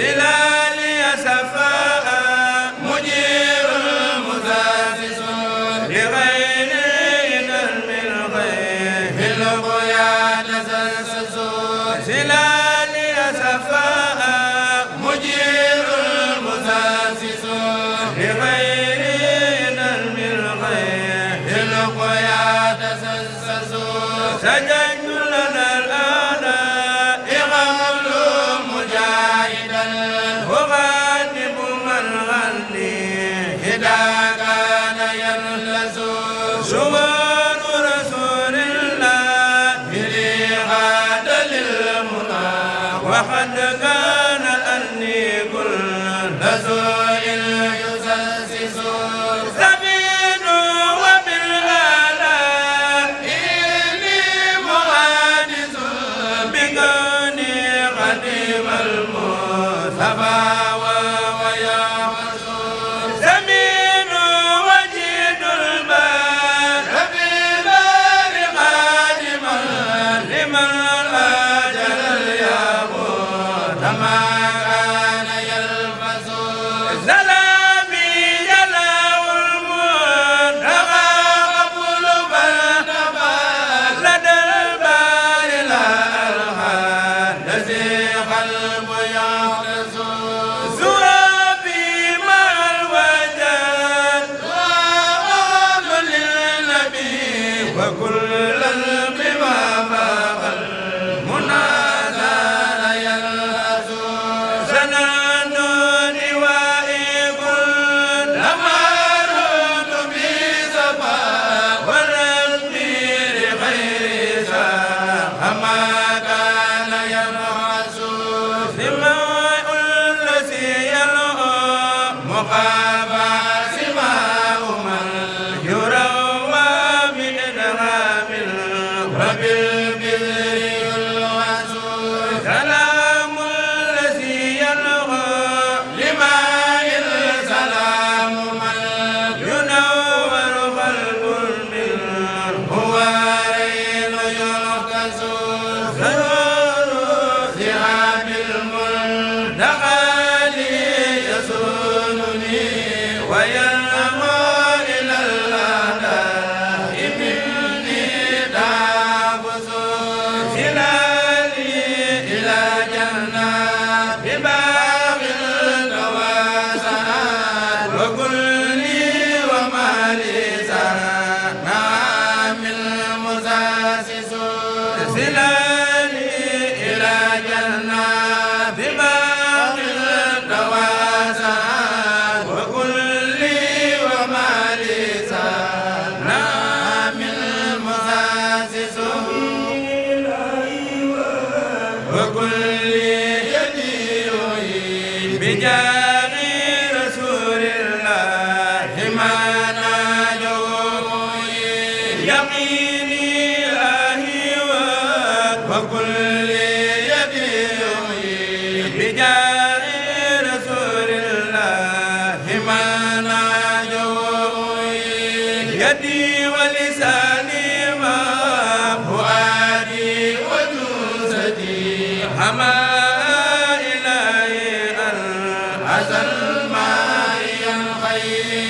Sela ila ja غيري